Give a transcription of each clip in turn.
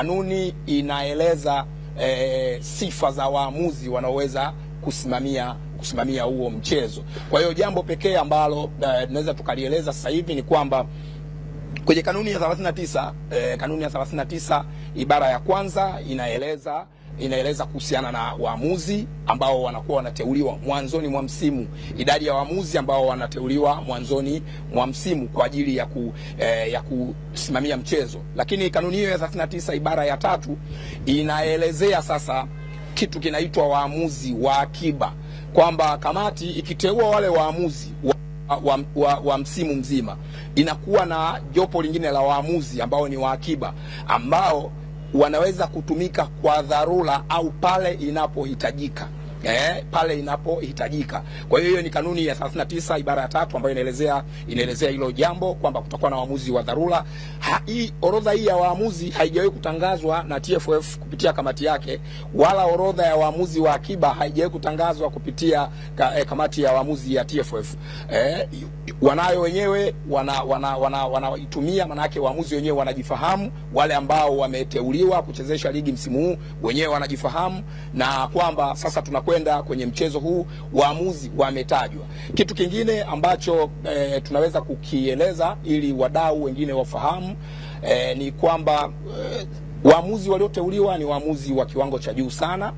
Kanuni inaeleza e, sifa za waamuzi wanaoweza kusimamia kusimamia huo mchezo. Kwa hiyo jambo pekee ambalo eh, tunaweza tukalieleza sasa hivi ni kwamba kwenye kanuni ya 39 e, eh, kanuni ya 39 ibara ya kwanza inaeleza inaeleza kuhusiana na waamuzi ambao wanakuwa wanateuliwa mwanzoni mwa msimu, idadi ya waamuzi ambao wanateuliwa mwanzoni mwa msimu kwa ajili ya, ku, eh, ya kusimamia mchezo. Lakini kanuni hiyo ya 39 ibara ya tatu inaelezea sasa kitu kinaitwa waamuzi wa akiba, kwamba kamati ikiteua wale waamuzi wa wa, wa, wa msimu mzima inakuwa na jopo lingine la waamuzi ambao ni wa akiba ambao wanaweza kutumika kwa dharura au pale inapohitajika eh, pale inapohitajika. Kwa hiyo hiyo ni kanuni ya 39 ibara ya tatu ambayo inaelezea inaelezea hilo jambo kwamba kutakuwa na waamuzi wa dharura. Hii orodha hii ya waamuzi haijawahi kutangazwa na TFF kupitia kamati yake, wala orodha ya waamuzi wa akiba haijawahi kutangazwa kupitia ka, eh, kamati ya waamuzi ya TFF. Eh, wanayo wenyewe wanaitumia wana, wana, wana manake waamuzi wenyewe wanajifahamu, wale ambao wameteuliwa kuchezesha ligi msimu huu wenyewe wanajifahamu na kwamba sasa tuna kwenda kwenye mchezo huu, waamuzi wametajwa. Kitu kingine ambacho e, tunaweza kukieleza ili wadau wengine wafahamu e, ni kwamba e, waamuzi walioteuliwa ni waamuzi wa kiwango cha juu sana,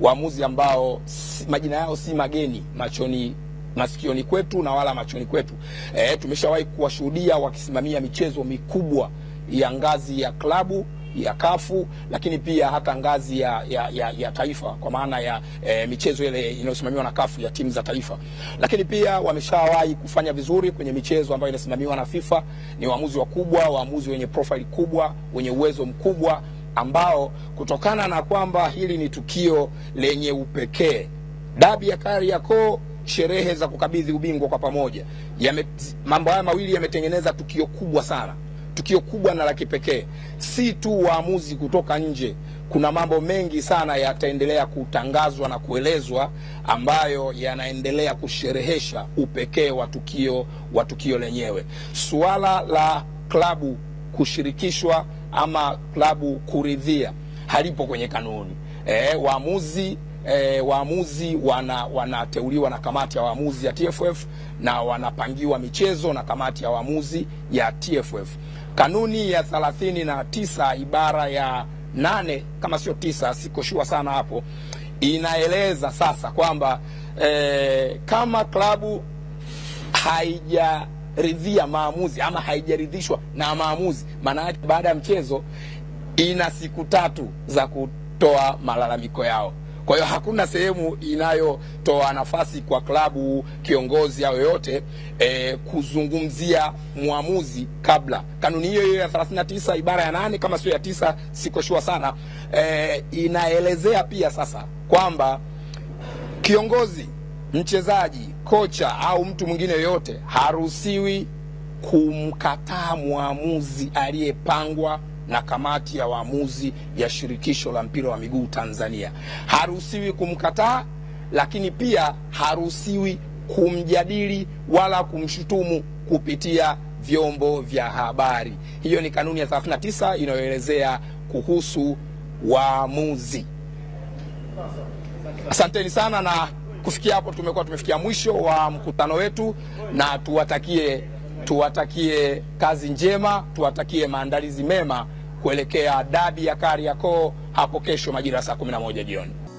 waamuzi ambao majina yao si mageni machoni masikioni kwetu na wala machoni kwetu. E, tumeshawahi kuwashuhudia wakisimamia michezo mikubwa ya ngazi ya klabu ya kafu lakini pia hata ngazi ya, ya, ya, ya taifa kwa maana ya e, michezo ile inayosimamiwa na kafu ya timu za taifa. Lakini pia wameshawahi kufanya vizuri kwenye michezo ambayo inasimamiwa na FIFA. Ni waamuzi wakubwa, waamuzi wenye profile kubwa, wenye uwezo mkubwa, ambao kutokana na kwamba hili ni tukio lenye upekee, dabi ya Kariakoo sherehe za kukabidhi ubingwa kwa pamoja, mambo haya mawili yametengeneza tukio kubwa sana tukio kubwa na la kipekee, si tu waamuzi kutoka nje. Kuna mambo mengi sana yataendelea kutangazwa na kuelezwa ambayo yanaendelea kusherehesha upekee wa tukio wa tukio lenyewe. Suala la klabu kushirikishwa ama klabu kuridhia halipo kwenye kanuni. E, waamuzi E, waamuzi wana wanateuliwa na kamati ya waamuzi ya TFF na wanapangiwa michezo na kamati ya waamuzi ya TFF. Kanuni ya thelathini na tisa ibara ya nane kama sio tisa, sikoshua sana hapo, inaeleza sasa kwamba e, kama klabu haijaridhia maamuzi ama haijaridhishwa na maamuzi, maana yake baada ya mchezo ina siku tatu za kutoa malalamiko yao. Kwa hiyo hakuna sehemu inayotoa nafasi kwa klabu, kiongozi au yoyote e, kuzungumzia mwamuzi kabla. Kanuni hiyo hiyo ya 39 ibara ya nane kama sio ya tisa, siko shua sana e, inaelezea pia sasa kwamba kiongozi, mchezaji, kocha au mtu mwingine yoyote haruhusiwi kumkataa mwamuzi aliyepangwa na kamati ya waamuzi ya shirikisho la mpira wa miguu Tanzania. Haruhusiwi kumkataa, lakini pia haruhusiwi kumjadili wala kumshutumu kupitia vyombo vya habari. Hiyo ni kanuni ya 39 inayoelezea kuhusu waamuzi. Asanteni sana, na kufikia hapo tumekuwa tumefikia mwisho wa mkutano wetu, na tuwatakie tuwatakie kazi njema, tuwatakie maandalizi mema kuelekea dabi ya Kariakoo hapo kesho majira saa 11 jioni.